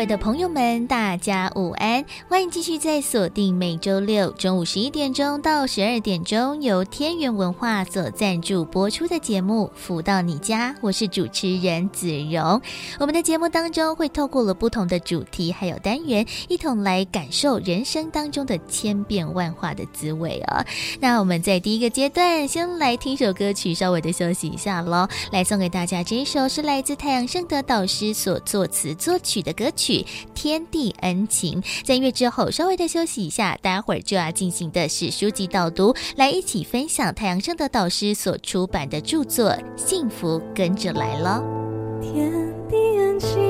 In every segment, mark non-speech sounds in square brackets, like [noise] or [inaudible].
各位的朋友們，大家午安！歡迎繼續在鎖定每周六中午十一點鐘到十二點鐘由天元文化所贊助播出的節目《福到你家》，我是主持人子榮。我們的節目當中會透過了不同的主題還有單元，一同來感受人生當中的千變萬化的滋味哦。那我們在第一個階段，先來聽首歌曲，稍微的休息一下嘍。來送給大家這一首是來自太陽盛德導師所作詞作曲的歌曲。天地恩情，在音樂之後稍微的休息一下，待會兒就要進行的是書籍導讀，來一起分享太陽升的導師所出版的著作《幸福跟著來了》。天地恩情。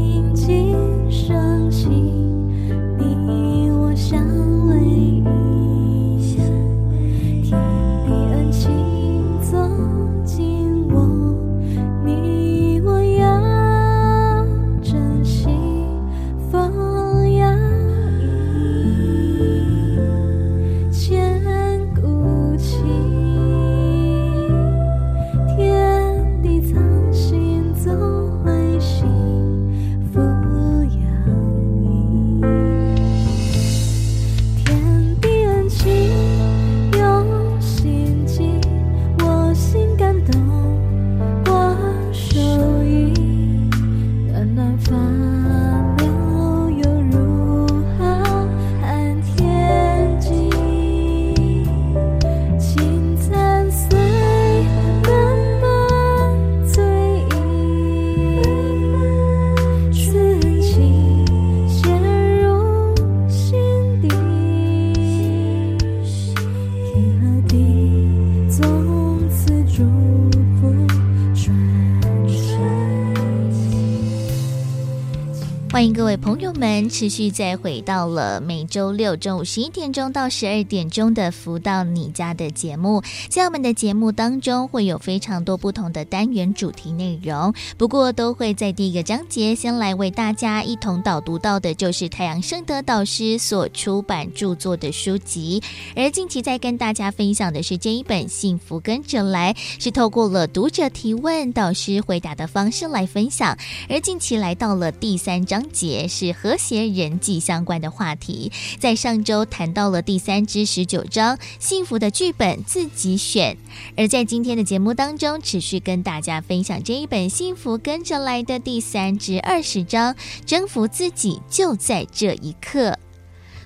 我們持續再回到了每周六中午十一點鐘到十二點鐘的福到你家的節目，在我們的節目當中會有非常多不同的單元主題內容，不過都會在第一個章節先來為大家一同導讀到的，就是太陽盛德導師所出版著作的書籍。而近期在跟大家分享的是這一本《幸福跟着來》，是透過了讀者提問、導師回答的方式來分享。而近期來到了第三章節是和和諧人際相關的話題，在上周談到了第三至十九章“幸福的劇本自己選”，而在今天的節目當中，持續跟大家分享這一本《幸福跟着來的》第三至二十章“征服自己就在這一刻”。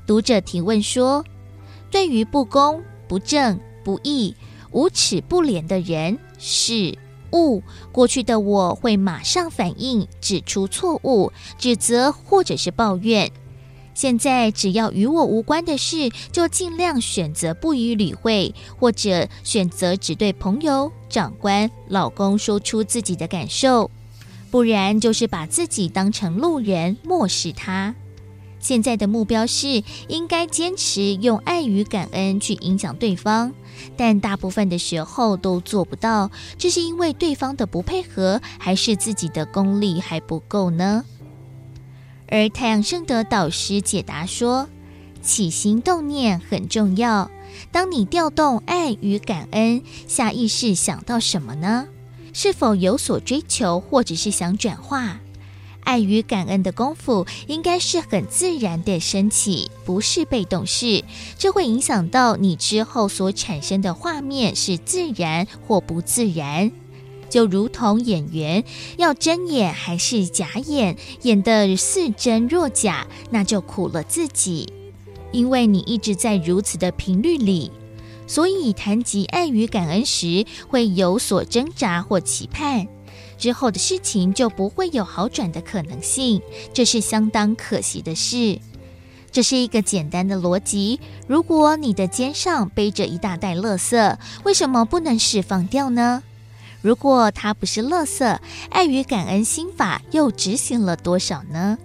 讀者提問說：“對於不公、不正、不義、無恥、不廉的人是……不，過去的我會馬上反應，指出錯誤、指責或者是抱怨。現在只要與我無關的事，就盡量選擇不予理會，或者選擇只對朋友、長官、老公說出自己的感受，不然就是把自己當成路人，漠視他。現在的目標是應該堅持用愛與感恩去影響對方。但大部分的時候都做不到，這是因為對方的不配合，還是自己的功力還不夠呢？而太陽聖德導師解答說，起心動念很重要。當你調動愛與感恩，下意識想到什麼呢？是否有所追求，或者是想轉化？愛與感恩的功夫應該是很自然的升起，不是被動式。這會影響到你之後所產生的畫面是自然或不自然。就如同演員要真演還是假演，演得似真若假，那就苦了自己。因為你一直在如此的頻率裡，所以談及愛與感恩時，會有所掙扎或期盼。之後的事情就不會有好轉的可能性，這是相當可惜的事。這是一個簡單的邏輯：如果你的肩上背着一大袋垃圾，為什麼不能釋放掉呢？如果它不是垃圾，愛與感恩心法又執行了多少呢？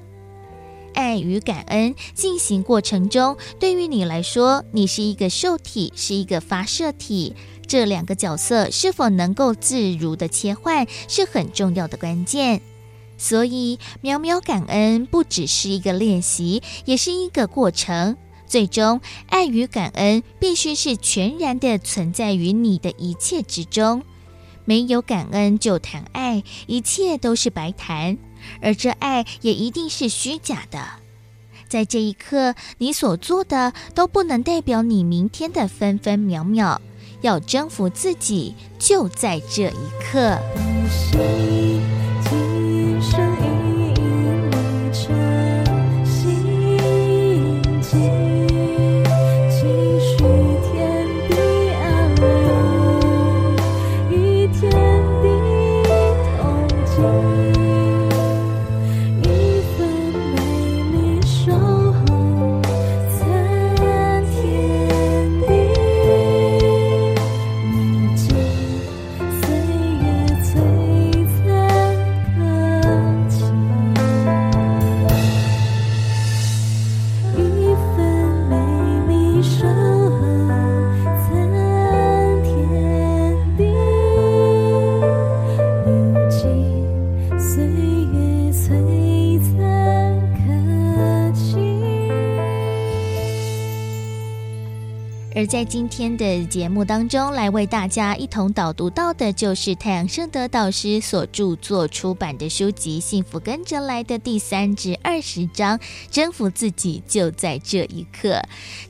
愛與感恩進行過程中，對於你來說，你是一個受體，是一個發射體。這兩個角色是否能夠自如的切換，是很重要的關鍵。所以，渺渺感恩不只是一個練習，也是一個過程。最終，愛與感恩必須是全然的存在於你的一切之中。沒有感恩就談愛，一切都是白談。而這愛也一定是虛假的，在這一刻，你所做的都不能代表你明天的分分秒秒。要征服自己，就在這一刻。而在今天的節目當中，來為大家一同導讀到的就是太陽盛德導師所著作出版的書籍《幸福跟著來》的第三至二十章，《征服自己就在這一刻》。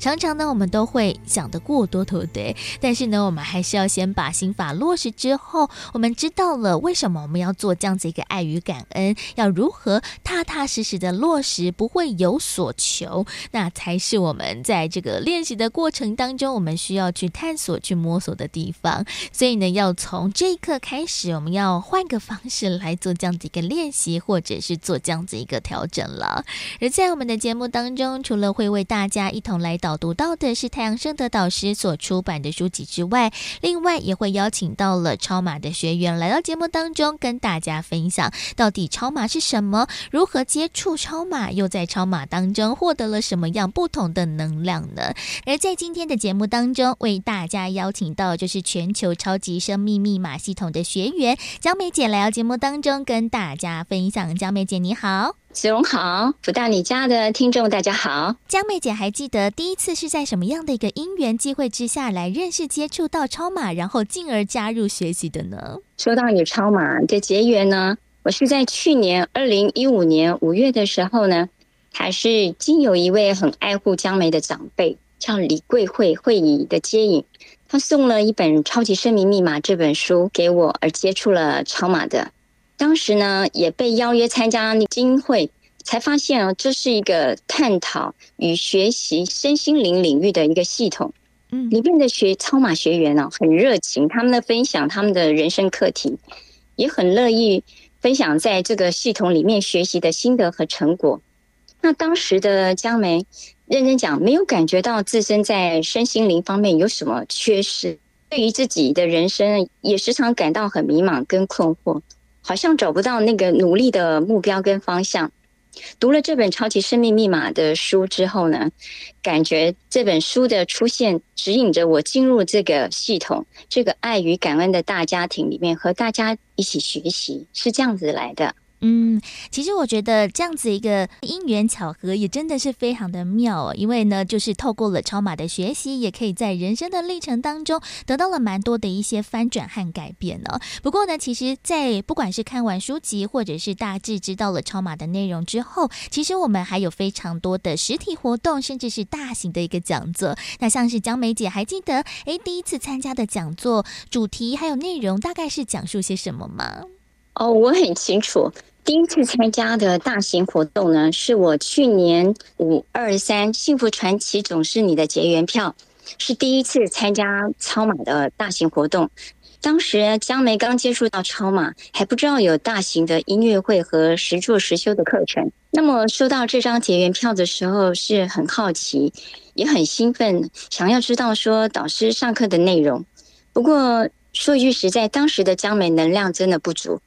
常常呢，我們都會想得過多頭對，但是呢，我們還是要先把心法落實之後，我們知道了為什麼我們要做這樣子一個愛與感恩，要如何踏踏實實的落實，不會有所求，那才是我們在這個練習的過程當中。我們需要去探索、去摸索的地方，所以呢，要從這一刻開始，我們要換個方式來做這樣子一個練習，或者是做這樣子一個調整了。而在我們的節目當中，除了會為大家一同來導讀到的是太陽聖德導師所出版的書籍之外，另外也會邀請到了超碼的學員來到節目當中，跟大家分享到底超碼是什麼，如何接觸超碼，又在超碼當中獲得了什麼樣不同的能量呢？而在今天的節目節目當中為大家邀請到，就是全球超級生命密碼系統的學員江梅姐來到節目當中跟大家分享。江梅姐你好，子榮好，福到你家的聽眾大家好。江梅姐還記得第一次是在什麼樣的一個因緣機會之下來認識接觸到超碼，然後進而加入學習的呢？說到你超碼的結緣呢，我是在去年二零一五年五月的時候呢，還是經由一位很愛護江梅的長輩。叫李桂慧慧議的接引，他送了一本《超級生命密碼》這本書給我，而接觸了超碼的。當時呢，也被邀約參加菁英會，才發現哦，這是一個探討與學習身心靈領域的一個系統。嗯，裡面的學超碼學員哦，很熱情，他們的分享，他們的人生課題，也很樂意分享在這個系統裡面學習的心得和成果。那當時的江梅，認真講，沒有感覺到自身在身心靈方面有什麼缺失，對於自己的人生也時常感到很迷茫跟困惑，好像找不到那個努力的目標跟方向。讀了這本《超級生命密碼》的書之後呢，感覺這本書的出現指引着我進入這個系統，這個愛與感恩的大家庭裡面，和大家一起學習，是這樣子來的。嗯，其實我覺得這樣子一個因緣巧合也真的是非常的妙哦，因為呢，就是透過了超碼的學習，也可以在人生的歷程當中得到了蠻多的一些翻轉和改變呢，哦。不過呢，其實，在不管是看完書籍，或者是大致知道了超碼的內容之後，其實我們還有非常多的實體活動，甚至是大型的一個講座。那像是江梅姐，還記得誒，第一次參加的講座主題還有內容大概是講述些什麼嗎？哦，我很清楚。第一次參加的大型活動呢，是我去年五二三《幸福傳奇總是你的》結緣票，是第一次參加超碼的大型活動。當時江梅剛接觸到超碼，還不知道有大型的音樂會和實做實修的課程。那麼收到這張結緣票的時候，是很好奇，也很興奮，想要知道說導師上課的內容。不過說一句實在，當時的江梅能量真的不足。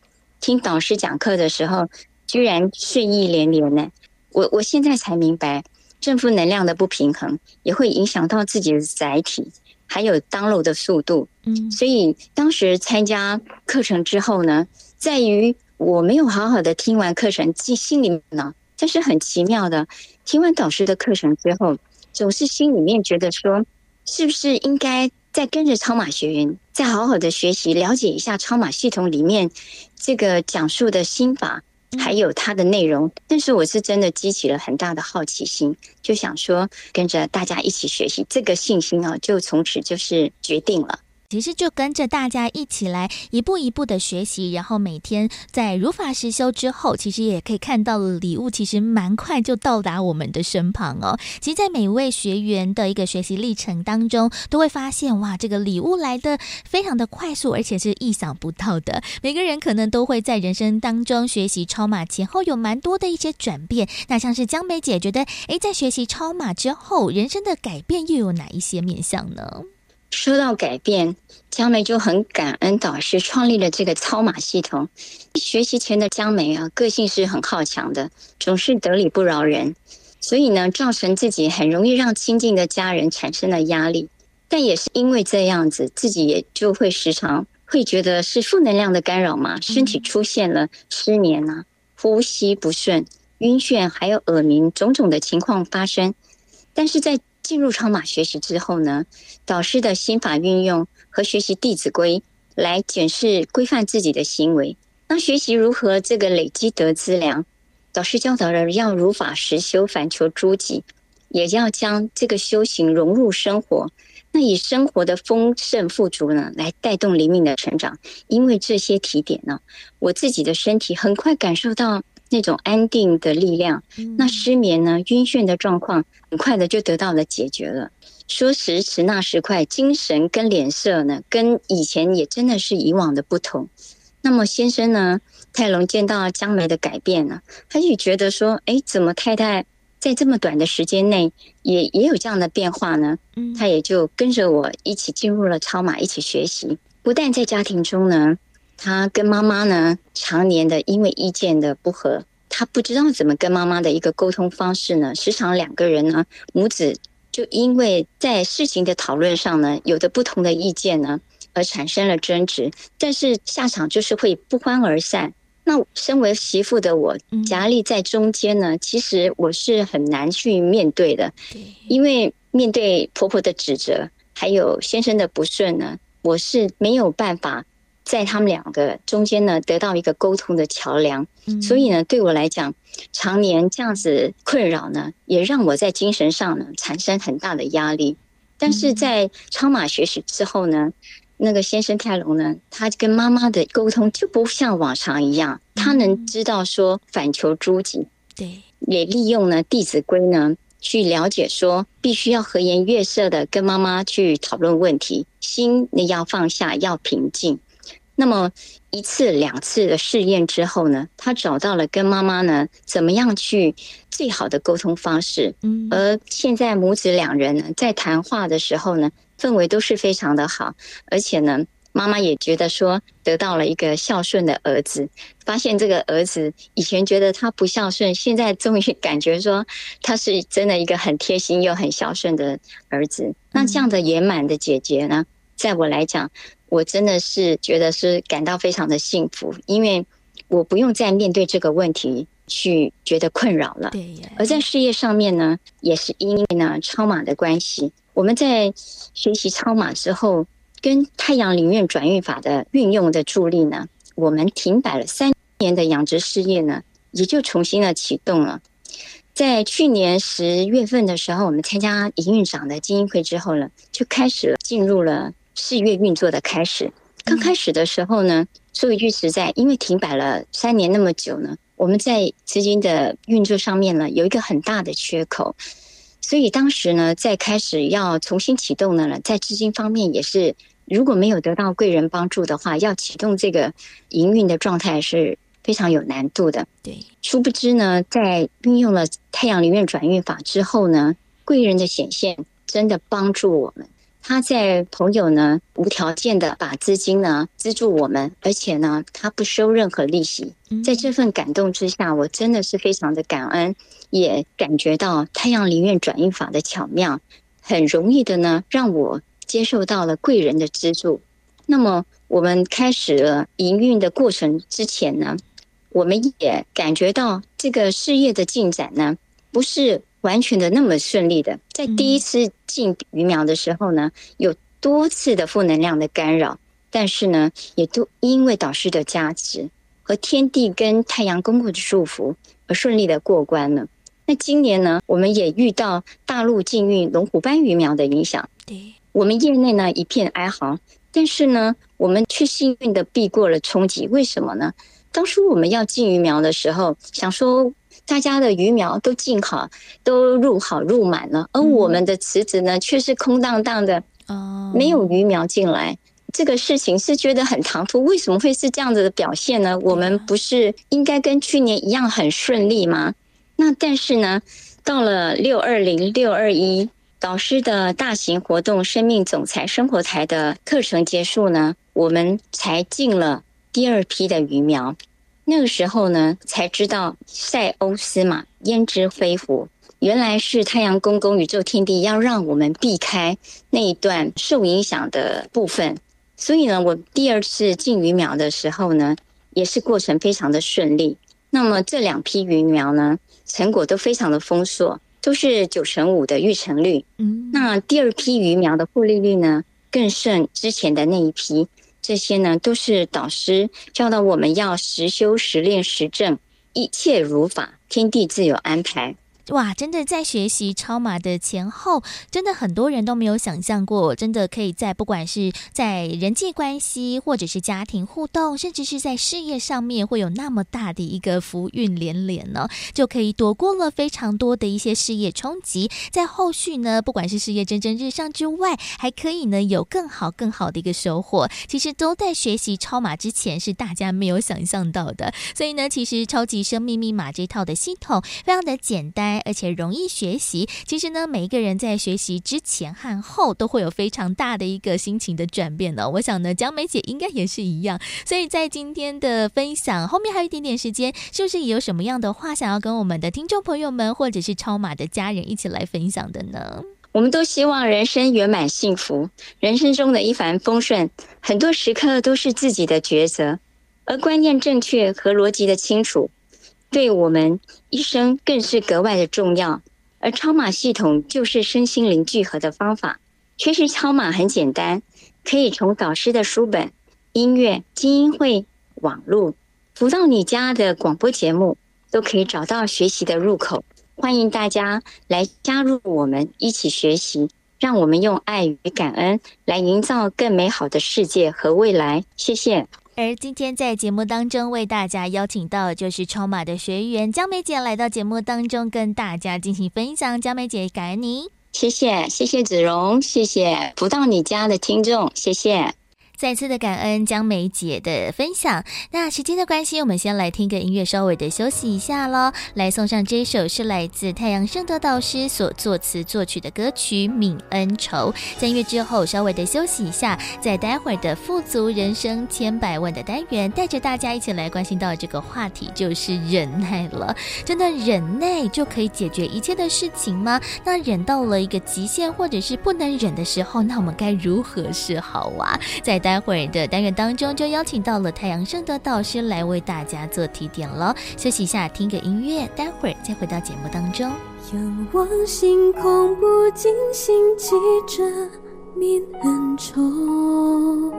聽導師講課的時候，居然睡意連連呢。我我現在才明白，正負能量的不平衡也會影響到自己的載體，還有 download 的速度。嗯，所以當時參加課程之後呢，在於我沒有好好的聽完課程，記心裡呢，但是很奇妙的，聽完導師的課程之後，總是心裡面覺得說，是不是應該。再跟着超馬學員，再好好的學習了解一下超馬系統裡面這個講述的心法，還有它的內容。但是我是真的激起了很大的好奇心，就想說跟着大家一起學習，這個信心啊，就從此就是決定了。其實就跟着大家一起來一步一步的學習，然後每天在如法實修之後，其實也可以看到了禮物其實蠻快就到達我們的身旁哦。其實，在每一位學員的一個學習歷程當中，都會發現哇，這個禮物來的非常的快速，而且是意想不到的。每個人可能都會在人生當中學習超碼前後有蠻多的一些轉變。那像是江美姐覺得，誒，在學習超碼之後，人生的改變又有哪一些面向呢？說到改變，江梅就很感恩導師創立了這個超碼系統。學習前的江梅啊，個性是很好強的，總是得理不饒人，所以呢，造成自己很容易讓親近的家人產生了壓力。但也是因為這樣子，自己也就會時常會覺得是負能量的干擾嘛，身體出現了失眠啊、呼吸不順、暈眩，還有耳鳴種種的情況發生。但是在進入超碼學習之後呢，導師的心法運用和學習《弟子規》來檢視規範自己的行為，那學習如何這個累積德資糧，導師教導人要如法實修，反求諸己，也要將這個修行融入生活，那以生活的豐盛富足呢來帶動靈命的成長，因為這些提點呢，我自己的身體很快感受到。那種安定的力量，那失眠呢、嗯、暈眩的狀況，很快的就得到了解決了。說時遲，那時快，精神跟臉色呢，跟以前也真的是以往的不同。那麼先生呢，泰隆見到了江梅的改變呢，他就覺得說：“哎，怎麼太太在這麼短的時間內也，也也有這樣的變化呢、嗯？”他也就跟着我一起進入了超碼，一起學習。不但在家庭中呢。他跟媽媽呢，常年的因為意見的不合，他不知道怎麼跟媽媽的一個溝通方式呢，時常兩個人呢，母子就因為在事情的討論上呢，有的不同的意見呢，而產生了爭執，但是下場就是會不歡而散。那身為媳婦的我，夾立在中間呢，其實我是很難去面對的，因為面對婆婆的指責，還有先生的不順呢，我是沒有辦法。在他們兩個中間呢，得到一個溝通的橋樑、嗯。所以呢，對我來講，常年這樣子困擾呢，也讓我在精神上呢產生很大的壓力。但是在超碼學習之後呢、嗯，那個先生泰隆呢，他跟媽媽的溝通就不像往常一樣，嗯、他能知道說反求諸己、嗯，對，也利用呢《弟子規》呢去了解說，必須要和顏悅色的跟媽媽去討論問題，心你要放下，要平靜。那麼一次兩次的試驗之後呢，他找到了跟媽媽呢怎麼樣去最好的溝通方式，嗯，而現在母子兩人呢在談話的時候呢，氛圍都是非常的好，而且呢，媽媽也覺得說得到了一個孝順的兒子，發現這個兒子以前覺得他不孝順，現在終於感覺說他是真的一個很貼心又很孝順的兒子。那這樣的圓滿的解決呢，在我來講。我真的是覺得是感到非常的幸福，因為我不用再面對這個問題去覺得困擾了。而在事業上面呢，也是因為呢超碼的關係，我們在學習超碼之後，跟太陽靈驗轉運法的運用的助力呢，我們停擺了三年的養殖事業呢，也就重新的啟動了。在去年十月份的時候，我們參加營運長的菁英會之後呢，就開始了進入了。四月運作的開始，剛開始的時候呢，嗯、說一句實在，因為停擺了三年那麼久呢，我們在資金的運作上面呢，有一個很大的缺口，所以當時呢，在開始要重新啟動呢，在資金方面也是，如果沒有得到貴人幫助的話，要啟動這個營運的狀態是非常有難度的。對，殊不知呢，在運用了太陽靈驗轉運法之後呢，貴人的顯現真的幫助我們。他在朋友呢無條件的把資金呢資助我們，而且呢他不收任何利息。在這份感動之下，我真的是非常的感恩，也感覺到太陽靈驗轉運法的巧妙，很容易的呢讓我接受到了貴人的資助。那麼我們開始了營運的過程之前呢，我們也感覺到這個事業的進展呢不是完全的那麼順利的，在第一次進魚苗的時候呢，有多次的負能量的干擾，但是呢，也都因為導師的加持和天地跟太陽公公的祝福而順利的過關了。那今年呢，我們也遇到大陸禁運龍虎斑魚苗的影響，對我們業內呢一片哀嚎，但是呢，我們卻幸運的避過了衝擊。為什麼呢？當初我們要進魚苗的時候，想說。大家的魚苗都進好，都入好入滿了，而我們的池子呢卻、嗯、是空蕩蕩的、哦，沒有魚苗進來。這個事情是覺得很唐突，為什麼會是這樣子的表現呢、嗯？我們不是應該跟去年一樣很順利嗎？那但是呢，到了六二零六二一導師的大型活動《生命總裁生活台》的課程結束呢，我們才進了第二批的魚苗。那個時候呢，才知道塞翁失馬焉知非福，原來是太陽公公宇宙天地要讓我們避開那一段受影響的部分。所以呢，我第二次進魚苗的時候呢，也是過程非常的順利。那麼這兩批魚苗呢，成果都非常的豐碩，都是九成五的育成率。嗯，那第二批魚苗的獲利率呢，更勝之前的那一批。這些呢，都是導師教導我們要實修實練實證，一切如法，天地自有安排。哇，真的在學習超碼的前後，真的很多人都沒有想象過，真的可以在不管是在人際關係或者是家庭互動，甚至是在事業上面會有那麼大的一個福運連連呢、哦，就可以躲過了非常多的一些事業衝擊。在後續呢，不管是事業蒸蒸日上之外，還可以呢有更好更好的一個收穫。其實都在學習超碼之前是大家沒有想象到的，所以呢，其實超級生命密碼這套的系統非常的簡單。而且容易學習。其實呢，每一個人在學習之前和後都會有非常大的一個心情的轉變呢。我想呢，江梅姐應該也是一樣。所以在今天的分享後面還有一點點時間，是不是有什麼樣的話想要跟我們的聽眾朋友們或者是超碼的家人一起來分享的呢？我們都希望人生圓滿幸福，人生中的一帆風順，很多時刻都是自己的抉擇，而觀念正確和邏輯的清楚。對我們一生更是格外的重要，而超碼系統就是身心靈聚合的方法。學習超碼很簡單，可以從導師的書本、音樂、精英會、網絡、讀到你家的廣播節目，都可以找到學習的入口。歡迎大家來加入我們一起學習，讓我們用愛與感恩來營造更美好的世界和未來。謝謝。而今天在節目當中為大家邀請到，就是超碼的學員江梅姐來到節目當中跟大家進行分享。江梅姐，感恩您。謝謝，謝謝子榮，謝謝不到你家的聽眾，謝謝。再次的感恩江梅姐的分享。那時間的關係，我們先來聽個音樂，稍微的休息一下嘍。來送上這首是來自太陽聖德導師所作詞作曲的歌曲《泯恩仇》。在音樂之後，稍微的休息一下，在待會兒的富足人生千百問的單元，帶着大家一起來關心到這個話題，就是忍耐了。真的忍耐就可以解決一切的事情嗎？那忍到了一個極限，或者是不能忍的時候，那我們該如何是好啊？在待。待會兒的單元當中，就邀請到了太陽聖的導師來為大家做提點了。休息一下，聽個音樂，待會兒再回到節目當中。仰望星空，不禁心起着泯恩仇，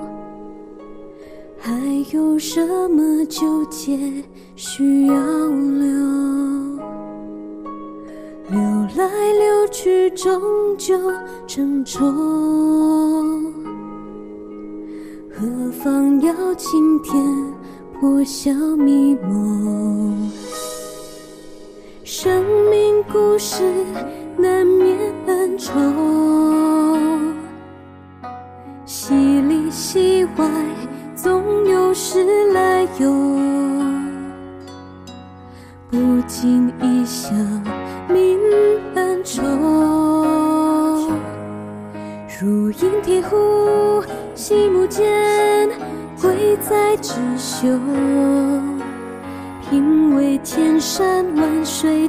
還有什麼糾結需要留？留來留去，終究成仇。何妨要晴天破曉迷蒙？生命故事難免恩仇，戲裡戲外總有時來由，不經意笑，在織繡，品味千山萬水。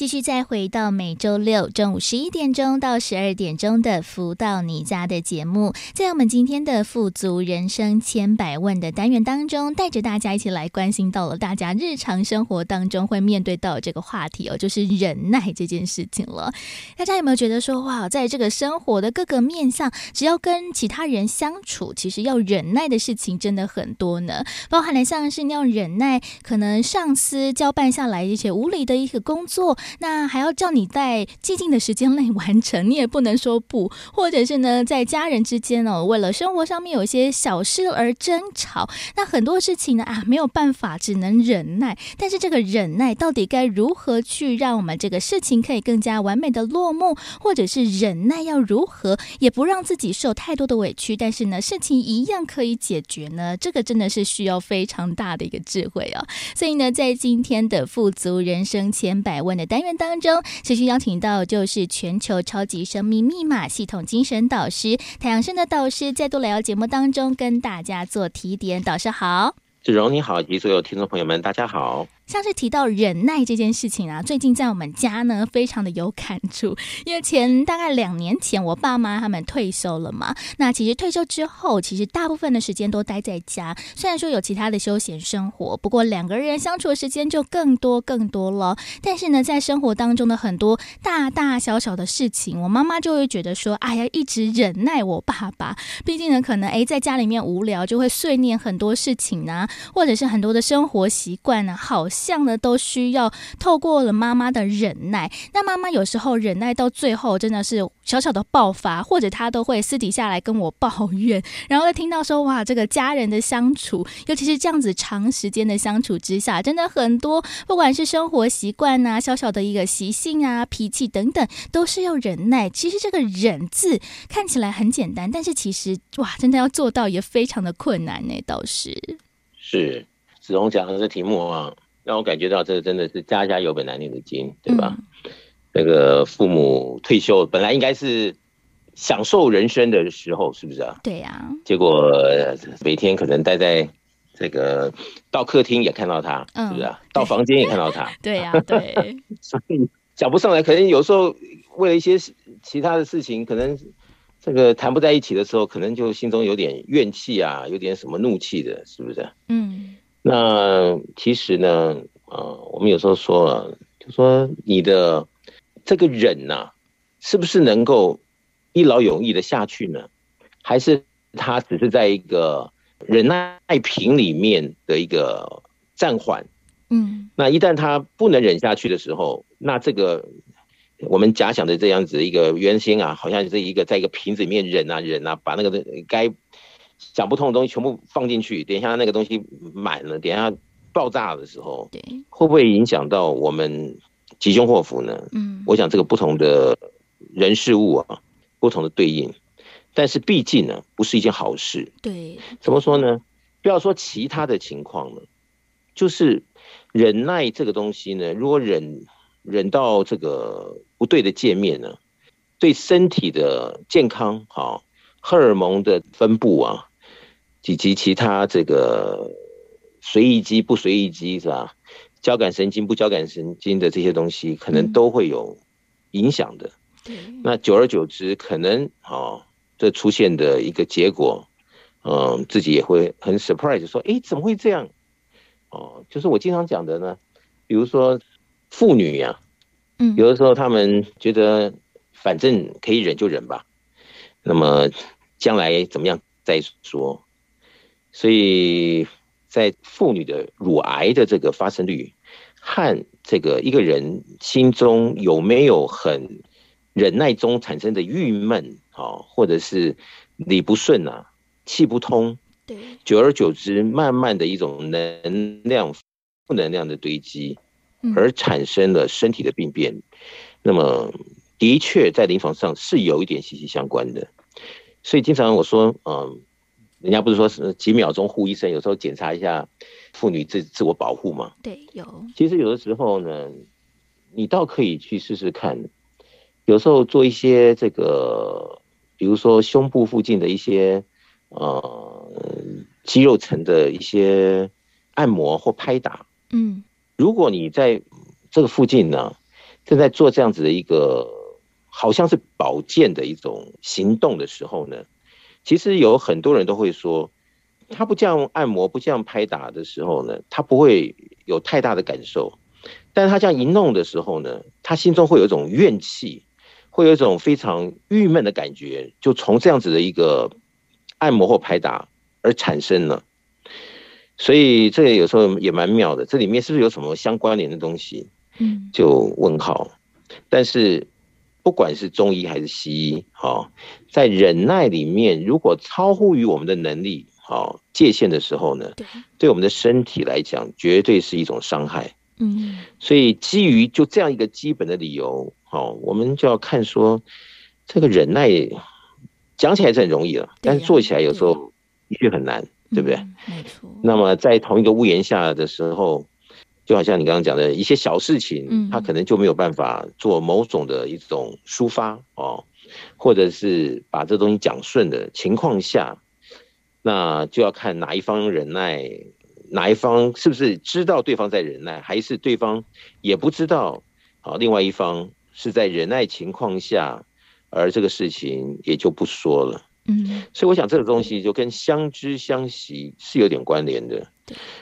繼續再回到每周六中午十一點鐘到十二點鐘的《福到你家》的節目，在我們今天的“富足人生千百問”的單元當中，帶着大家一起來關心到了大家日常生活當中會面對到的這個話題哦，就是忍耐這件事情了。大家有沒有覺得說，哇，在這個生活的各個面向，只要跟其他人相處，其實要忍耐的事情真的很多呢？包含了像是你要忍耐，可能上司交辦下來一些無理的一個工作。那還要叫你在既定的時間內完成，你也不能說不，或者是呢，在家人之間哦，為了生活上面有一些小事而爭吵，那很多事情呢啊，沒有辦法，只能忍耐。但是這個忍耐到底該如何去讓我們這個事情可以更加完美的落幕，或者是忍耐要如何也不讓自己受太多的委屈，但是呢，事情一樣可以解決呢？這個真的是需要非常大的一個智慧啊、哦。所以呢，在今天的富足人生千百問的單。當中，持續邀請到就是全球超級生命密碼系統精神導師太陽盛德導師，再度來到節目當中，跟大家做提點。導師好。志榮你好，以及所有聽眾朋友們，大家好。像是提到忍耐這件事情啊，最近在我們家呢，非常的有感觸。因為前大概兩年前，我爸媽他們退休了嘛。那其實退休之後，其實大部分的時間都待在家。雖然說有其他的休閒生活，不過兩個人相處的時間就更多更多了。但是呢，在生活當中的很多大大小小的事情，我媽媽就會覺得說：“哎呀，一直忍耐我爸爸。畢竟呢，可能哎，在家裡面無聊，就會碎唸很多事情啊，或者是很多的生活習慣啊，好像。”像呢，都需要透過了媽媽的忍耐。那媽媽有時候忍耐到最後，真的是小小的爆發，或者她都會私底下來跟我抱怨。然後再聽到說，哇，這個家人的相處，尤其是這樣子長時間的相處之下，真的很多，不管是生活習慣啊、小小的一個習性啊、脾氣等等，都是要忍耐。其實這個忍字看起來很簡單，但是其實哇，真的要做到也非常的困難呢、欸。倒是，是子龍講的這題目啊。讓我感覺到這真的是家家有本難念的經，對吧、嗯？那個父母退休本來應該是享受人生的時候，是不是啊？對呀、啊。結果、呃、每天可能待在這個到客廳也看到他、嗯，是不是啊？到房間也看到他。 [laughs] 對呀、啊，對。 [laughs] 所以講不上來，可能有時候為了一些其他的事情，可能這個談不在一起的時候，可能就心中有點怨氣啊，有點什麼怒氣的，是不是、啊？嗯。那其實呢，呃，我們有時候說啊，就說你的這個忍吶，是不是能夠一勞永逸的下去呢？還是他只是在一個忍耐瓶裡面的一個暫緩？嗯，那一旦他不能忍下去的時候，那這個我們假想的這樣子一個原型啊，好像是一個在一個瓶子裡面忍啊忍啊，把那個該想不通的東西全部放進去，等一下那個東西滿了，等一下爆炸的時候，對，會不會影響到我們吉凶禍福呢？嗯，我想這個不同的人事物啊，不同的對應，但是畢竟呢、啊，不是一件好事。對，怎麼說呢？不要說其他的情況了，就是忍耐這個東西呢，如果忍忍到這個不對的界面呢、啊，對身體的健康哈，荷爾蒙的分布啊。以及其他這個隨意肌不隨意肌是吧？交感神經不交感神經的這些東西，可能都會有影響的、嗯。那久而久之，可能哦，這出現的一個結果，嗯，自己也會很 surprise，說，誒、欸，怎麼會這樣？哦，就是我經常講的呢，比如說婦女呀、啊，嗯，有的時候她們覺得反正可以忍就忍吧，那麼將來怎麼樣再說。所以，在婦女的乳癌的這個發生率，和這個一個人心中有沒有很忍耐中產生的鬱悶、哦，或者是理不順啊，氣不通，久而久之，慢慢的一種能量、負能量的堆積，而產生了身體的病變，那麼，的確在臨床上是有一點息息相關的。所以，經常我說，嗯。人家不是說是幾秒鐘呼一聲，有時候檢查一下婦女自自我保護嗎？對，有。其實有的時候呢，你倒可以去試試看，有時候做一些這個，比如說胸部附近的一些呃肌肉層的一些按摩或拍打。嗯，如果你在這個附近呢，正在做這樣子的一個好像是保健的一種行動的時候呢。其實有很多人都會說，他不這樣按摩，不這樣拍打的時候呢，他不會有太大的感受，但他這樣一弄的時候呢，他心中會有一種怨氣，會有一種非常鬱悶的感覺，就從這樣子的一個按摩或拍打而產生了。所以這有時候也蠻妙的，這裡面是不是有什麼相關聯的東西？嗯，就問號，嗯，但是。不管是中醫還是西醫，好、哦，在忍耐裡面，如果超乎於我們的能力、好、哦、界限的時候呢，對我們的身體來講，絕對是一種傷害。嗯，所以基於就這樣一個基本的理由，好、哦，我們就要看說，這個忍耐講起來是很容易了，但是做起來有時候的確很難，對啊、對啊，對不對？嗯、沒錯。那麼在同一個屋檐下的時候。就好像你剛剛講的一些小事情，他可能就沒有辦法做某種的一種抒發、嗯、哦，或者是把這東西講順的情況下，那就要看哪一方忍耐，哪一方是不是知道對方在忍耐，還是對方也不知道，好、哦，另外一方是在忍耐情況下，而這個事情也就不說了。嗯，所以我想這個東西就跟相知相惜是有點關聯的。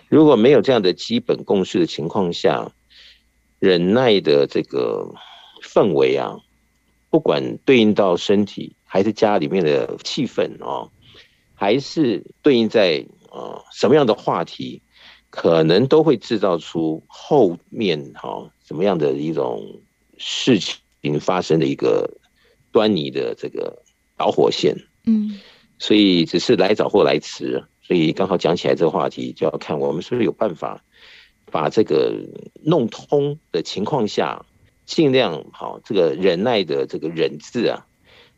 如果沒有這樣的基本共識的情況下，忍耐的這個氛圍啊，不管對應到身體還是家裡面的氣氛哦，還是對應在呃什麼樣的話題，可能都會製造出後面哈、哦、什麼樣的一種事情發生的一個端倪的這個導火線。嗯，所以只是來早或來遲。所以剛好講起來這個話題，就要看我們是不是有辦法把這個弄通的情況下，盡量好這個忍耐的這個忍字啊，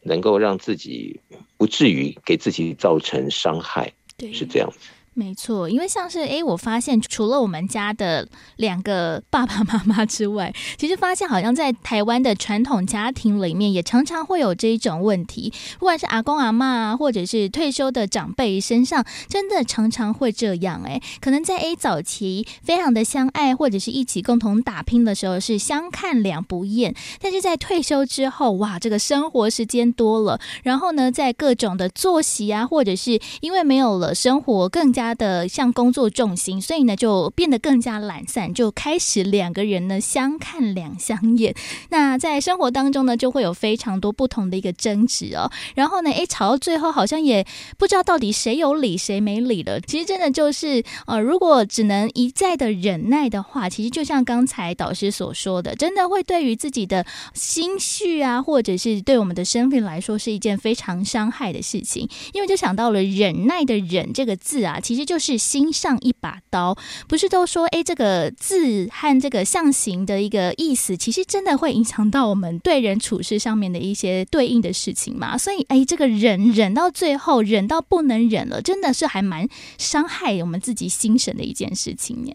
能夠讓自己不至於給自己造成傷害，是這樣子。沒錯，因為像是哎，我發現除了我們家的兩個爸爸媽媽之外，其實發現好像在台灣的傳統家庭裡面，也常常會有這一種問題。不管是阿公阿嬤啊，或者是退休的長輩身上，真的常常會這樣。哎，可能在哎早期非常的相愛，或者是一起共同打拼的時候是相看兩不厭，但是在退休之後，哇，這個生活時間多了，然後呢，在各種的作息啊，或者是因為沒有了生活更加。家的像工作重心，所以呢就變得更加懶散，就開始兩個人呢相看兩相厭。那在生活當中呢，就會有非常多不同的一個爭執哦。然後呢，哎、欸，吵到最後好像也不知道到底誰有理誰沒理了。其實真的就是，呃，如果只能一再的忍耐的話，其實就像剛才導師所說的，真的會對於自己的心緒啊，或者是對我們的身份來說，是一件非常傷害的事情。因為就想到了忍耐的忍這個字啊。其實就是心上一把刀，不是都說哎，這個字和這個象形的一個意思，其實真的會影響到我們對人處事上面的一些對應的事情嘛？所以哎，這個忍忍到最後，忍到不能忍了，真的是還蠻傷害我們自己心神的一件事情耶。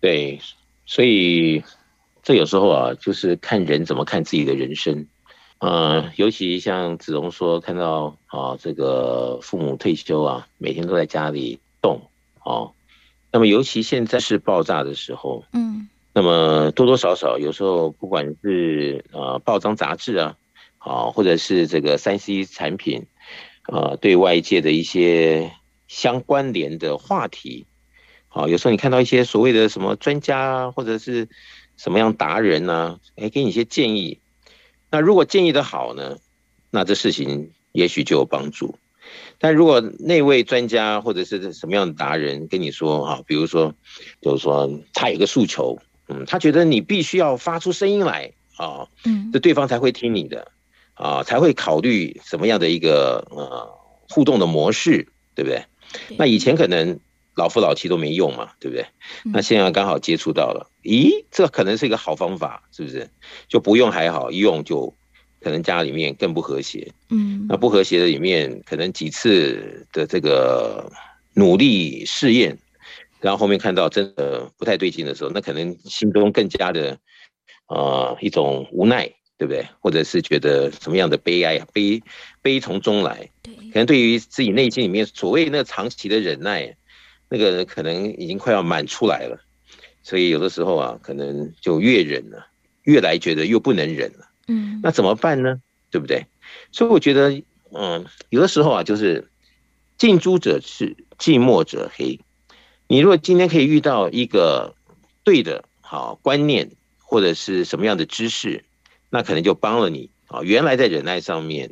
對，所以這有時候啊，就是看人怎麼看自己的人生，呃，尤其像子龍說，看到啊，這個父母退休啊，每天都在家裡。動，哦，那麼尤其現在是爆炸的時候，嗯，那麼多多少少有時候不管是呃，報章雜誌啊，好、哦，或者是這個三 C 產品、呃，對外界的一些相關聯的話題，好、哦，有時候你看到一些所謂的什麼專家，或者是什麼樣達人呢、啊，哎，給你一些建議，那如果建議的好呢，那這事情也許就有幫助。但如果那位專家或者是什麼樣的達人跟你說，啊，比如說，就是說他有個訴求，嗯，他覺得你必須要發出聲音來啊，嗯，這對方才會聽你的啊，才會考慮什麼樣的一個呃、啊、互動的模式，對不對？那以前可能老夫老妻都沒用嘛，對不對？那現在剛好接觸到了，咦，這可能是一個好方法，是不是？就不用還好，一用就。可能家裡面更不和諧，嗯，那不和諧的裡面，可能幾次的這個努力試驗，然後後面看到真的不太對勁的時候，那可能心中更加的啊、呃、一種無奈，對不對？或者是覺得什麼樣的悲哀啊，悲悲從中來。對，可能對於自己內心裡面所謂那個長期的忍耐，那個可能已經快要滿出來了，所以有的時候啊，可能就越忍了，越來越覺得又不能忍了。嗯， [noise] 那怎麼辦呢？對不對？所以我覺得，嗯，有的時候啊，就是近朱者赤，近墨者黑。你如果今天可以遇到一個對的好觀念或者是什麼樣的知識，那可能就幫了你啊、哦。原來在忍耐上面，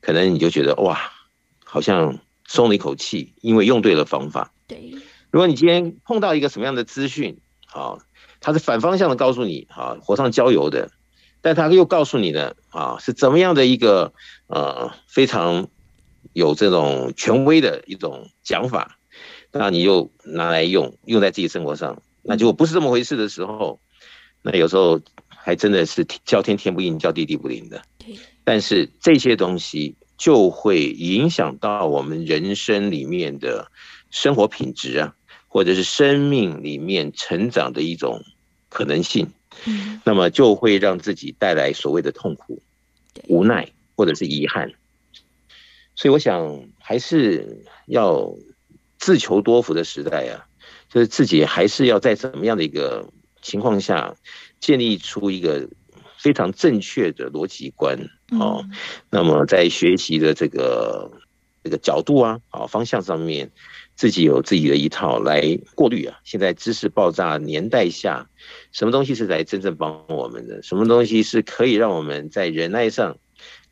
可能你就覺得哇，好像鬆了一口氣，因為用對了方法。對，如果你今天碰到一個什麼樣的資訊，好、哦，它是反方向的告訴你，好、哦，火上澆油的。但他又告訴你呢，啊，是怎麼樣的一個呃非常有這種權威的一種講法，那你又拿來用，用在自己生活上，那就不是這麼回事的時候，那有時候還真的是叫天天不應，叫地地不靈的。但是這些東西就會影響到我們人生裡面的生活品質啊，或者是生命裡面成長的一種可能性。嗯、那麼就會讓自己帶來所謂的痛苦、無奈或者是遺憾，所以我想還是要自求多福的時代啊，就是自己還是要在什麼樣的一個情況下建立出一個非常正確的邏輯觀啊、嗯哦，那麼在學習的這個這個角度啊，哦、方向上面。自己有自己的一套來過濾啊。現在知識爆炸年代下，什麼東西是來真正幫我們的？什麼東西是可以讓我們在忍耐上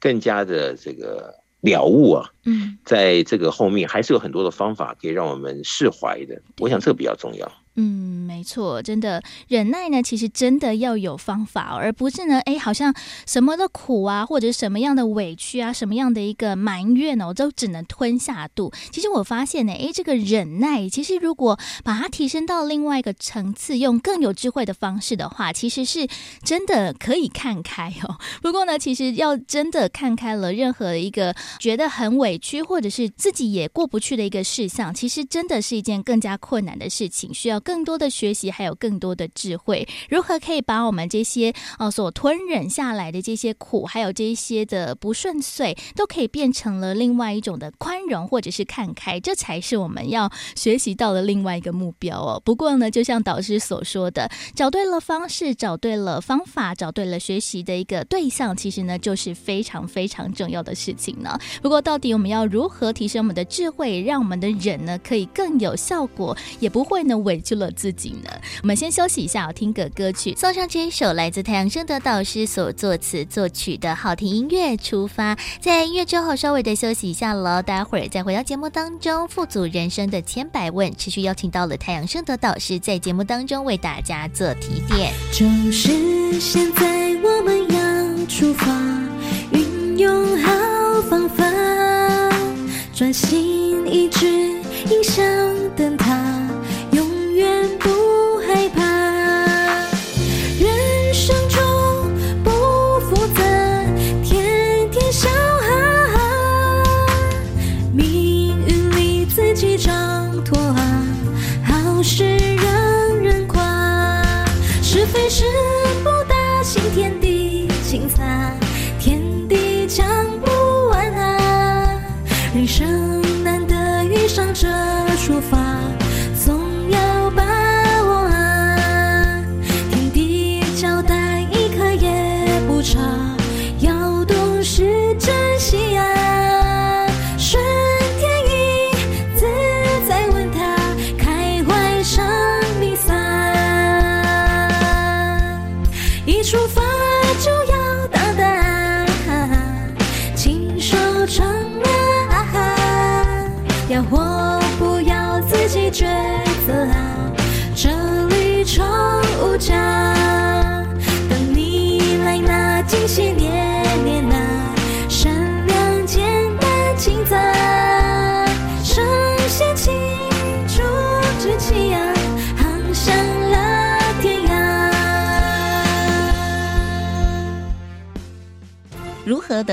更加的這個了悟啊？嗯，在這個後面還是有很多的方法可以讓我們釋懷的。我想這個比較重要。嗯，沒錯，真的忍耐呢，其實真的要有方法哦，而不是呢，哎，好像什麼的苦啊，或者什麼樣的委屈啊，什麼樣的一個埋怨呢，我都只能吞下肚。其實我發現呢，哎，這個忍耐，其實如果把它提升到另外一個層次，用更有智慧的方式的話，其實是真的可以看開哦。不過呢，其實要真的看開了，任何一個覺得很委屈，或者是自己也過不去的一個事項，其實真的是一件更加困難的事情，需要，更多的學習，還有更多的智慧，如何可以把我們這些哦、呃、所吞忍下來的這些苦，還有這些的不順遂，都可以變成了另外一種的寬容，或者是看開，這才是我們要學習到的另外一個目標哦。不過呢，就像導師所說的，找對了方式，找對了方法，找對了學習的一個對象，其實呢，就是非常非常重要的事情呢。不過到底我們要如何提升我們的智慧，讓我們的忍呢可以更有效果，也不會呢委屈？了自己呢？我們先休息一下，聽個歌曲。送上這一首來自太陽聖德導師所作詞作曲的好聽音樂，出發。在音樂之後稍微的休息一下嘍，待會兒再回到節目當中。富足人生的千百問，持續邀請到了太陽聖德導師在節目當中為大家做提點。就是現在，我們要出發，運用好方法，專心一致，音影響的。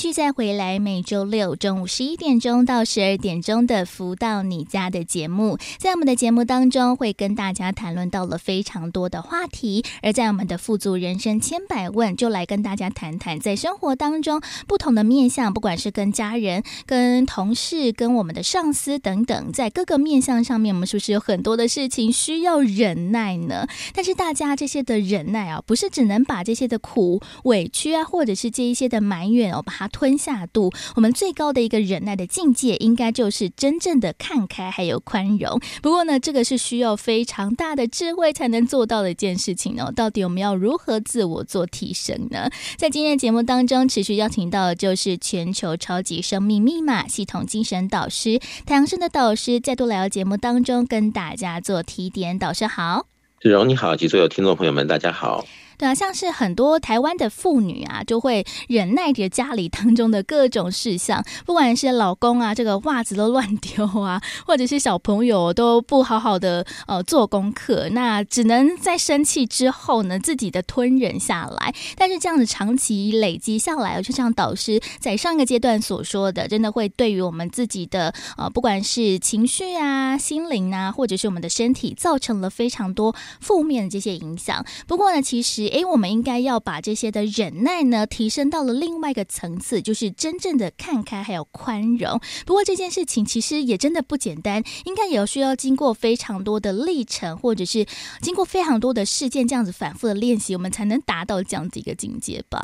繼續再回來，每週六中午十一點鐘到十二點鐘的《福到你家》的節目，在我們的節目當中會跟大家談論到了非常多的話題。而在我們的《富足人生千百問》，就來跟大家談談，在生活當中不同的面向，不管是跟家人、跟同事、跟我們的上司等等，在各個面向上面，我們是不是有很多的事情需要忍耐呢？但是大家這些的忍耐啊，不是只能把這些的苦委屈啊，或者是這一些的埋怨哦，把它。吞下肚，我們最高的一個忍耐的境界，應該就是真正的看開，還有寬容。不過呢，這個是需要非常大的智慧才能做到的一件事情哦。到底我們要如何自我做提升呢？在今天的節目當中，持續邀請到的就是全球超級生命密碼系統精神導師——太陽盛德的導師，再度來到節目當中跟大家做提點。導師好，志榮你好，及所有聽眾朋友們，大家好。對啊，像是很多台灣的婦女啊，就會忍耐着家裡當中的各種事項，不管是老公啊，這個襪子都亂丟啊，或者是小朋友都不好好的呃做功課，那只能在生氣之後呢，自己的吞忍下來。但是這樣子長期累積下來，就像導師在上一個階段所說的，真的會對於我們自己的呃，不管是情緒啊、心靈啊，或者是我們的身體，造成了非常多負面的這些影響。不過呢，其實。誒，我們應該要把這些的忍耐呢，提升到了另外一個層次，就是真正的看開，還有寬容。不過這件事情其實也真的不簡單，應該也要需要經過非常多的歷程，或者是經過非常多的事件，這樣子反復的練習，我們才能達到這樣子一個境界吧。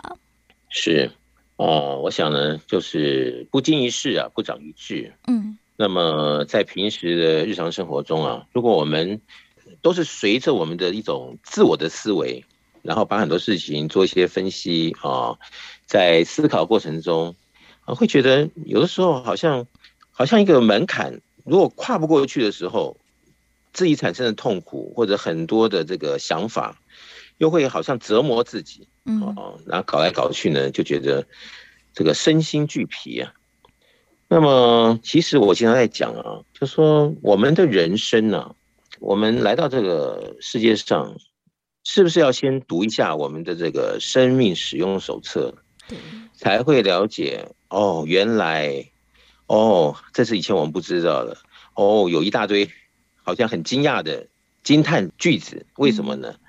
是啊，哦，我想呢，就是不經一事啊，不長一智。嗯，那麼在平時的日常生活中啊，如果我們都是隨着我們的一種自我的思維。然後把很多事情做一些分析啊，在思考過程中啊，會覺得有的時候好像好像一個門檻，如果跨不過去的時候，自己產生的痛苦或者很多的這個想法，又會好像折磨自己。啊，嗯。然後搞來搞去呢，就覺得這個身心俱疲啊。那麼，其實我經常在講啊，就說我們的人生呢，啊，我們來到這個世界上。是不是要先讀一下我們的這個生命使用手冊，才會了解哦？原來哦，這是以前我們不知道的哦，有一大堆好像很驚訝的驚嘆句子，為什麼呢？嗯。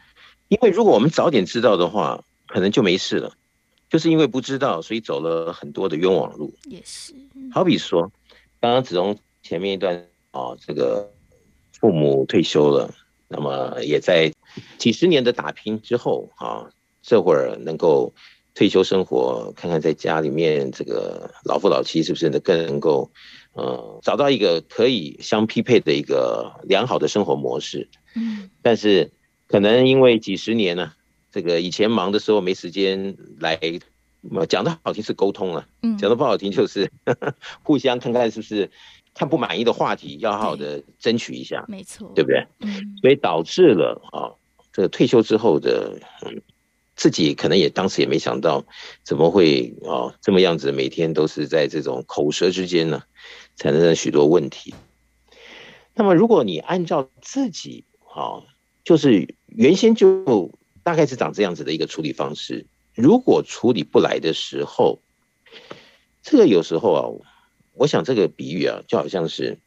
因為如果我們早點知道的話，可能就沒事了。就是因為不知道，所以走了很多的冤枉路。也是，嗯、好比說，剛剛子龍前面一段啊、哦，這個父母退休了。那麼也在幾十年的打拼之後啊，這會兒能夠退休生活，看看在家裡面這個老夫老妻是不是能更能夠，呃，找到一個可以相匹配的一個良好的生活模式。嗯、但是可能因為幾十年呢、啊，這個以前忙的時候沒時間來，講得好聽是溝通了、啊，講、嗯、得不好聽就是 [laughs] 互相看看是不是。他不滿意的話題，要好好的爭取一下，沒錯，對不對？所以導致了、嗯、啊，這個退休之後的、嗯、自己，可能也當時也沒想到，怎麼會啊這麼樣子，每天都是在這種口舌之間呢、啊，產生了許多問題。那麼，如果你按照自己啊，就是原先就大概是長這樣子的一個處理方式，如果處理不來的時候，這個有時候啊。我想這個比喻啊，就好像是，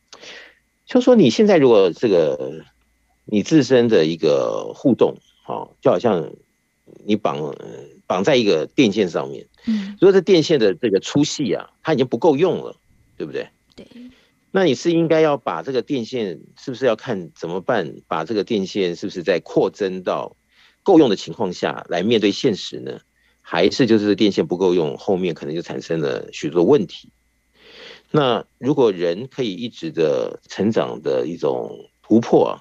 就是說你現在如果這個你自身的一個互動，啊，就好像你綁綁在一個電線上面。嗯，如果這電線的這個粗細啊，它已經不夠用了，對不對？對。那你是應該要把這個電線，是不是要看怎麼辦？把這個電線是不是再擴增到夠用的情況下來面對現實呢？還是就是電線不夠用，後面可能就產生了許多問題？那如果人可以一直的成長的一種突破、啊，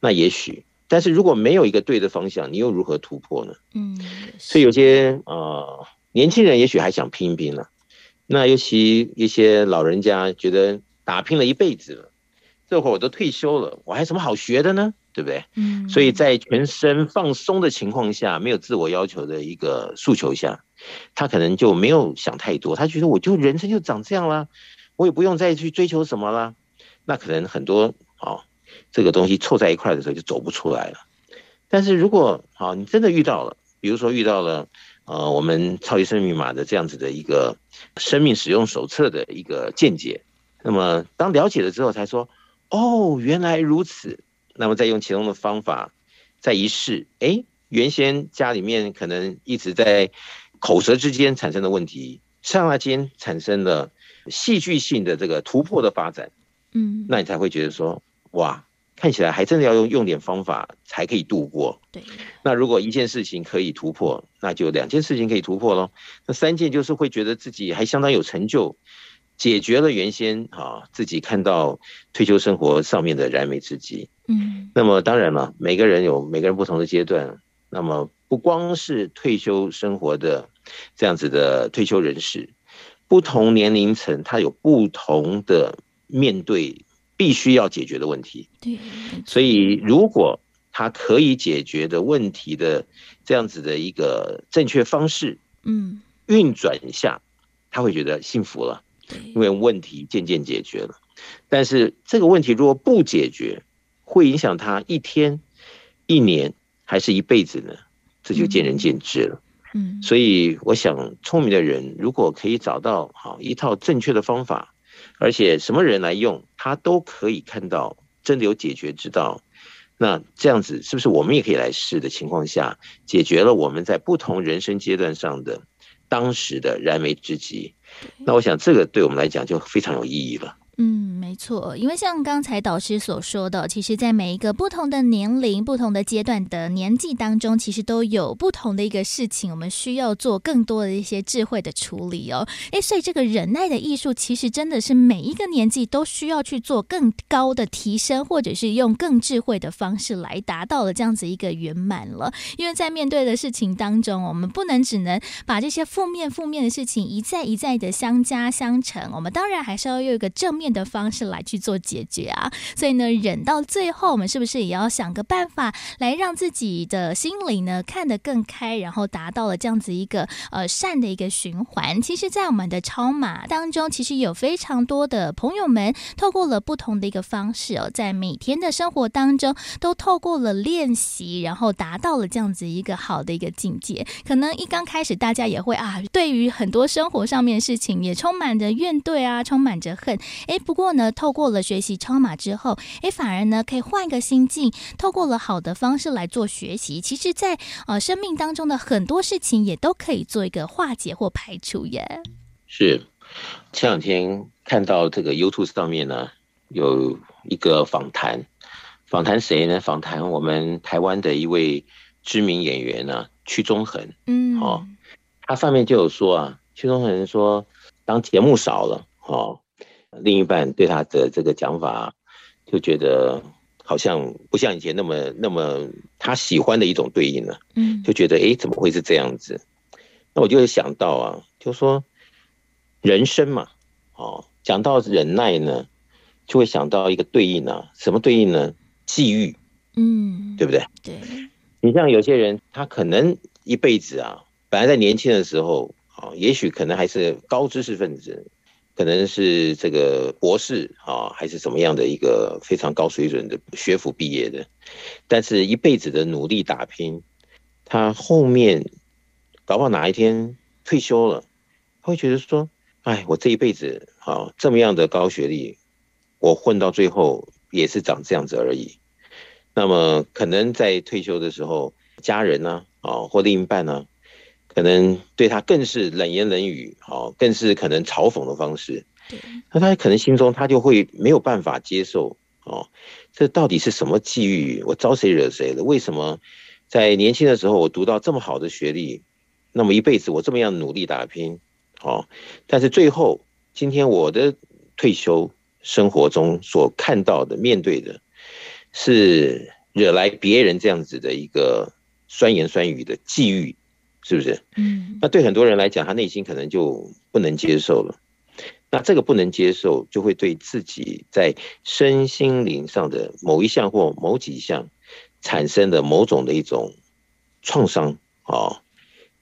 那也許，但是如果沒有一個對的方向，你又如何突破呢？嗯，所以有些啊、呃、年輕人也許還想拼一拼了、啊，那尤其一些老人家覺得打拼了一輩子了，這會兒我都退休了，我還有什麼好學的呢？對不對？嗯，所以在全身放鬆的情況下，沒有自我要求的一個訴求下，他可能就沒有想太多，他覺得我就人生就長這樣了。我也不用再去追求什麼了，那可能很多哦，這個東西湊在一塊的時候就走不出來了。但是如果好、哦，你真的遇到了，比如說遇到了，呃，我們超級生命密碼的這樣子的一個生命使用手冊的一個見解，那麼當了解了之後，才說哦，原來如此。那麼再用其中的方法再一試，誒，原先家裡面可能一直在口舌之間產生的問題，剎那間產生了。戲劇性的這個突破的發展，嗯，那你才會覺得說，哇，看起來還真的要用用點方法才可以度過。對，那如果一件事情可以突破，那就兩件事情可以突破嘍。那三件就是會覺得自己還相當有成就，解決了原先啊自己看到退休生活上面的燃眉之急。嗯，那麼當然了，每個人有每個人不同的階段，那麼不光是退休生活的這樣子的退休人士。不同年齡層，他有不同的面對必須要解決的問題。對。所以，如果他可以解決的問題的這樣子的一個正確方式，嗯，運轉一下，他會覺得幸福了，因為問題漸漸解決了。但是，這個問題如果不解決，會影響他一天、一年，還是一輩子呢？這就見仁見智了。嗯。嗯嗯，所以我想，聰明的人如果可以找到好一套正確的方法，而且什麼人來用，他都可以看到真的有解決之道，那這樣子是不是我們也可以來試的情況下，解決了我們在不同人生階段上的當時的燃眉之急，那我想這個對我們來講就非常有意義了。嗯，沒錯，因為像剛才導師所說的，其實，在每一個不同的年齡、不同的階段的年紀當中，其實都有不同的一個事情，我們需要做更多的一些智慧的處理哦。哎，所以這個忍耐的藝術，其實真的是每一個年紀都需要去做更高的提升，或者是用更智慧的方式來達到了這樣子一個圓滿了。因為在面對的事情當中，我們不能只能把這些負面負面的事情一再一再的相加相乘，我們當然還是要有一個正面。的方式來去做解決啊，所以呢，忍到最後，我們是不是也要想個辦法來讓自己的心靈呢，看得更開，然後達到了這樣子一個呃善的一個循環？其實，在我們的超碼當中，其實有非常多的朋友們透過了不同的一個方式哦，在每天的生活當中都透過了練習，然後達到了這樣子一個好的一個境界。可能一剛開始，大家也會啊，對於很多生活上面的事情也充滿着怨懟啊，充滿着恨不過呢，透過了學習超碼之後，哎、欸，反而呢可以換一個心境，透過了好的方式來做學習。其實在，在呃生命當中的很多事情也都可以做一個化解或排除耶。是，前兩天看到這個 YouTube 上面呢有一個訪談，訪談誰呢？訪談我們台灣的一位知名演員呢、啊，屈中恆。嗯，好、哦，他上面就有說啊，屈中恆說，當節目少了，好、哦。另一半對他的這個講法、啊，就覺得好像不像以前那麼那麼他喜歡的一種對應了、啊。嗯，就覺得哎，怎麼會是這樣子？那我就會想到啊，就是、說人生嘛，哦，講到忍耐呢，就會想到一個對應呢、啊，什麼對應呢？際遇，嗯，對不對？對、嗯。你像有些人，他可能一輩子啊，本來在年輕的時候，哦，也許可能還是高知識分子。可能是這個博士啊，還是怎麼樣的一個非常高水準的學府畢業的，但是一輩子的努力打拼，他後面搞不好哪一天退休了，他會覺得說：“哎，我這一輩子啊，這麼樣的高學歷，我混到最後也是長這樣子而已。”那麼可能在退休的時候，家人呢啊，啊，或另一半呢，啊？可能對他更是冷言冷語，哦，更是可能嘲諷的方式。那他可能心中他就會沒有辦法接受，哦，這到底是什麼際遇？我招誰惹誰了？為什麼在年輕的時候我讀到這麼好的學歷，那麼一輩子我這麼樣努力打拼，哦？但是最後今天我的退休生活中所看到的面對的是惹來別人這樣子的一個酸言酸語的際遇。是不是？嗯，那對很多人來講，他內心可能就不能接受了。那這個不能接受，就會對自己在身心靈上的某一項或某幾項產生的某種的一種創傷啊。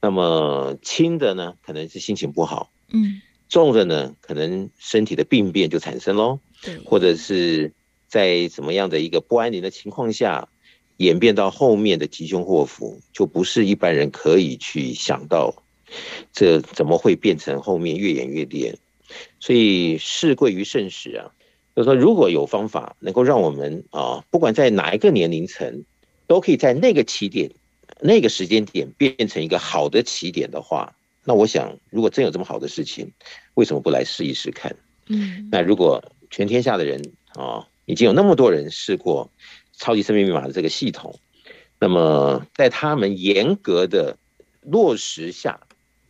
那麼輕的呢，可能是心情不好，嗯，重的呢，可能身體的病變就產生嘍。或者是在什麼樣的一個不安寧的情況下。演變到後面的吉凶禍福，就不是一般人可以去想到。這怎麼會變成後面越演越烈？所以事貴於慎始啊。就是說如果有方法能夠讓我們啊，不管在哪一個年齡層，都可以在那個起點、那個時間點變成一個好的起點的話，那我想，如果真有這麼好的事情，為什麼不來試一試看？嗯。那如果全天下的人啊，已經有那麼多人試過。超級生命密碼的這個系統，那麼在他們嚴格的落實下，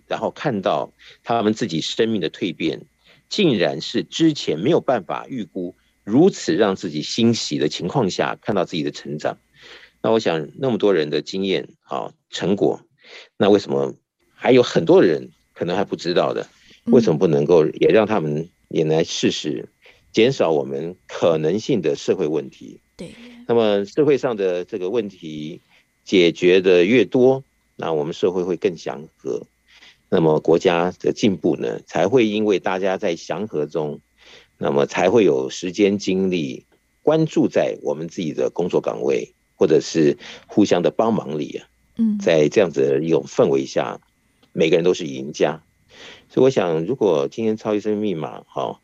然後看到他們自己生命的蛻變，竟然是之前沒有辦法預估，如此讓自己欣喜的情況下，看到自己的成長。那我想，那麼多人的經驗啊成果，那為什麼還有很多人可能還不知道的？為什麼不能夠也讓他們也來試試，減少我們可能性的社會問題？對。那麼社會上的這個問題解決的越多，那我們社會會更祥和。那麼國家的進步呢，才會因為大家在祥和中，那麼才會有時間精力關注在我們自己的工作崗位，或者是互相的幫忙裡啊。嗯，在這樣子的一種氛圍下，每個人都是贏家。所以我想，如果今天超級生命密碼哈，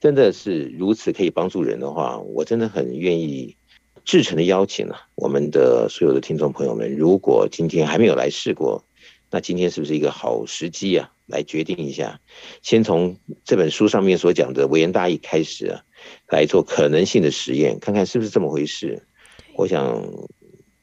真的是如此可以幫助人的話，我真的很願意。至誠的邀請啊，我們的所有的聽眾朋友們，如果今天還沒有來試過，那今天是不是一個好時機啊？來決定一下，先從這本書上面所講的微言大義開始啊，來做可能性的實驗，看看是不是這麼回事。我想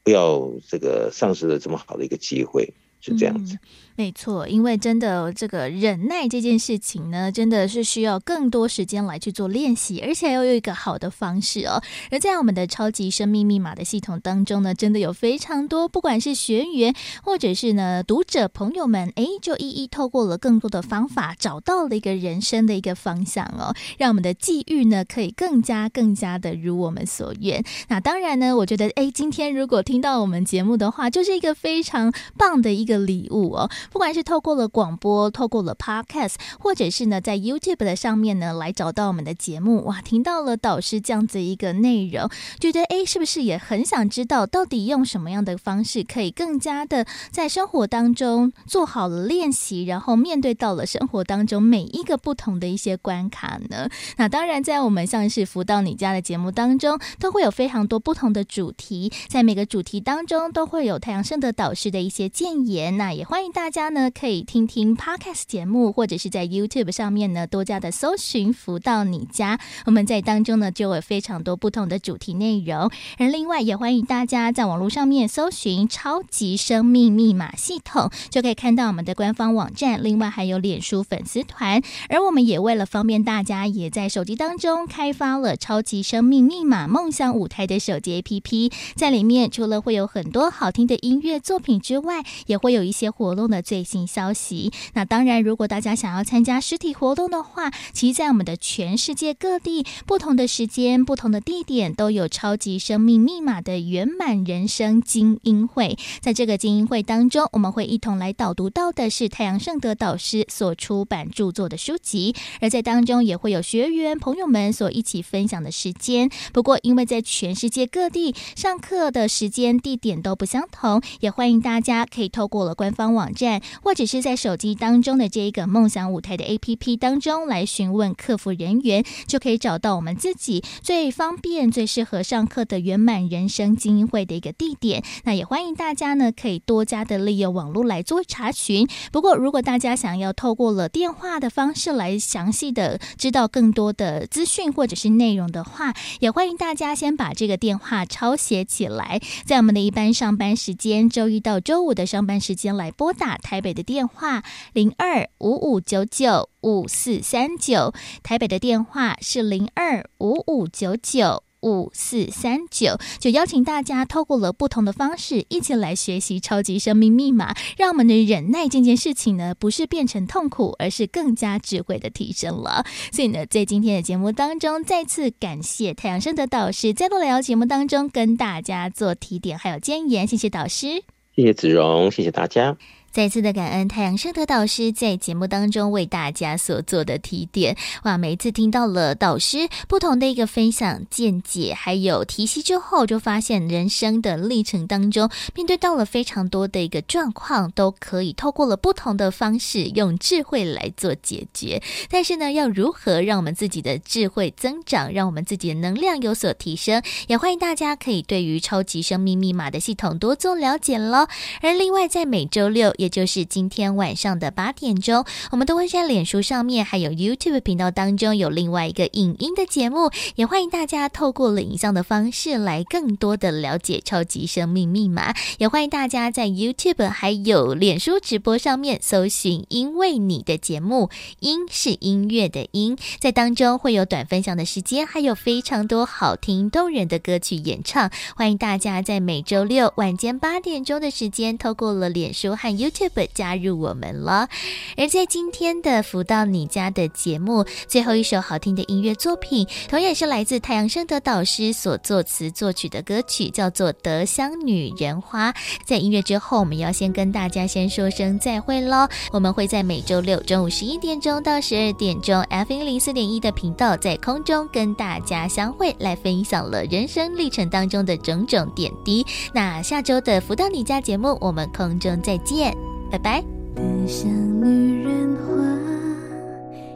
不要這個喪失了這麼好的一個機會，是這樣子。嗯。沒錯，因為真的這個忍耐這件事情呢，真的是需要更多時間來去做練習，而且還要有一個好的方式哦。而在我們的超級生命密碼的系統當中呢，真的有非常多，不管是學員或者是呢讀者朋友們，誒,就一一透過了更多的方法，找到了一個人生的一個方向哦，讓我們的際遇呢可以更加更加的如我們所願。那當然呢，我覺得哎，今天如果聽到我們節目的話，就是一個非常棒的一個禮物哦。不管是透過了廣播，透過了 Podcast，或者是呢在 YouTube 的上面呢來找到我們的節目，哇，聽到了導師這樣子一個內容，覺得哎、欸，是不是也很想知道到底用什麼樣的方式可以更加的在生活當中做好了練習，然後面對到了生活當中每一個不同的一些關卡呢？那當然，在我們像是福到你家的節目當中，都會有非常多不同的主題，在每個主題當中都會有太陽盛德導師的一些建言，那也歡迎大家。家呢可以聽聽 Podcast 節目，或者是在 YouTube 上面呢多加的搜尋福到你家。我們在當中呢就有非常多不同的主題內容。而另外也歡迎大家在網絡上面搜尋“超級生命密碼系統”，就可以看到我們的官方網站。另外還有臉書粉絲團。而我們也為了方便大家，也在手機當中開發了“超級生命密碼夢想舞台”的手機 APP。在裡面除了會有很多好聽的音樂作品之外，也會有一些活動的。最新消息。那當然，如果大家想要參加實體活動的話，其實在我們的全世界各地，不同的時間、不同的地點，都有超級生命密碼的圓滿人生菁英會。在這個菁英會當中，我們會一同來導讀到的是太陽盛德導師所出版著作的書籍，而在當中也會有學員朋友們所一起分享的時間。不過，因為在全世界各地上課的時間、地點都不相同，也歡迎大家可以透過了官方網站。或者是在手機當中的這一個夢想舞台的 APP 當中來詢問客服人員，就可以找到我們自己最方便、最適合上課的圓滿人生菁英會的一個地點。那也歡迎大家呢，可以多加的利用網絡來做查詢。不過，如果大家想要透過了電話的方式來詳細的知道更多的資訊或者是內容的話，也歡迎大家先把這個電話抄寫起來，在我們的一般上班時間（周一到周五的上班時間）來撥打。台北的電話零二五五九九五四三九，台北的電話是零二五五九九五四三九。就邀請大家透過了不同的方式，一起來學習超級生命密碼，讓我們的忍耐這件事情呢，不是變成痛苦，而是更加智慧的提升了。所以呢，在今天的節目當中，再次感謝太陽升的導師，在多聊的節目當中跟大家做提點還有建言，謝謝導師，謝謝子榮，謝謝大家。再次的感恩太陽盛德導師在節目當中為大家所做的提點哇！每次聽到了導師不同的一個分享見解，還有提息之後，就發現人生的歷程當中，面對到了非常多的一個狀況，都可以透過了不同的方式，用智慧來做解決。但是呢，要如何讓我們自己的智慧增長，讓我們自己的能量有所提升，也歡迎大家可以對於超級生命密碼的系統多做了解嘍。而另外在每週六，也就是今天晚上的八點鐘，我們都會在臉書上面還有 YouTube 頻道當中有另外一個影音的節目，也歡迎大家透過了影像的方式來更多的了解超級生命密碼。也歡迎大家在 YouTube 還有臉書直播上面搜尋“因為你的節目”，“音”是音樂的“音”，在當中會有短分享的時間，還有非常多好聽動人的歌曲演唱。歡迎大家在每週六晚間八點鐘的時間，透過了臉書和 You。tube 加入我們了，而在今天的福到你家的節目最後一首好聽的音樂作品，同樣是來自太陽盛德導師所作詞作曲的歌曲，叫做《德香女人花》。在音樂之後，我們要先跟大家先說聲再會嘍。我們會在每周六中午十一點鐘到十二點鐘，F 一零四點一的頻道在空中跟大家相會，來分享了人生歷程當中的種種點滴。那下周的福到你家節目，我們空中再見。拜拜。的像女人花，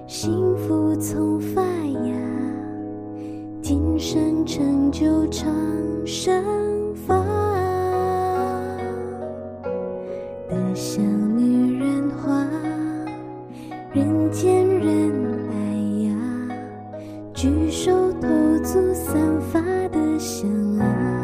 幸福從發芽，今生成就長生花。的像女人花，人見人愛呀，舉手投足散發的香啊。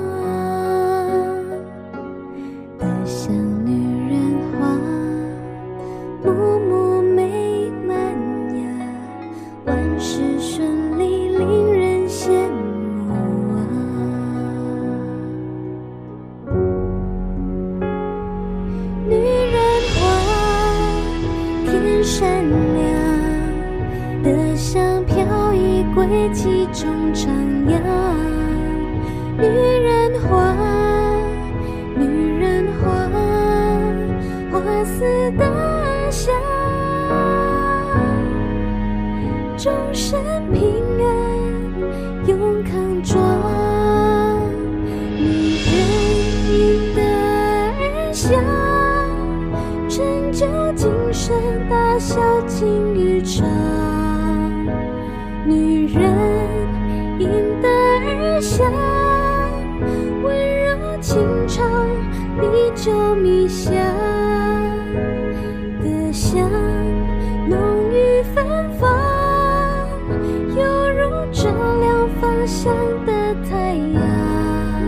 在記憶中徜徉，女人花，女人花，花似大香，眾生。就迷香的香，濃郁芬芳，猶如照亮方向的太陽。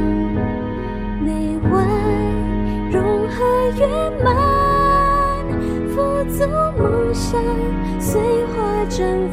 美味融合圓滿，富足夢想，隨花綻放。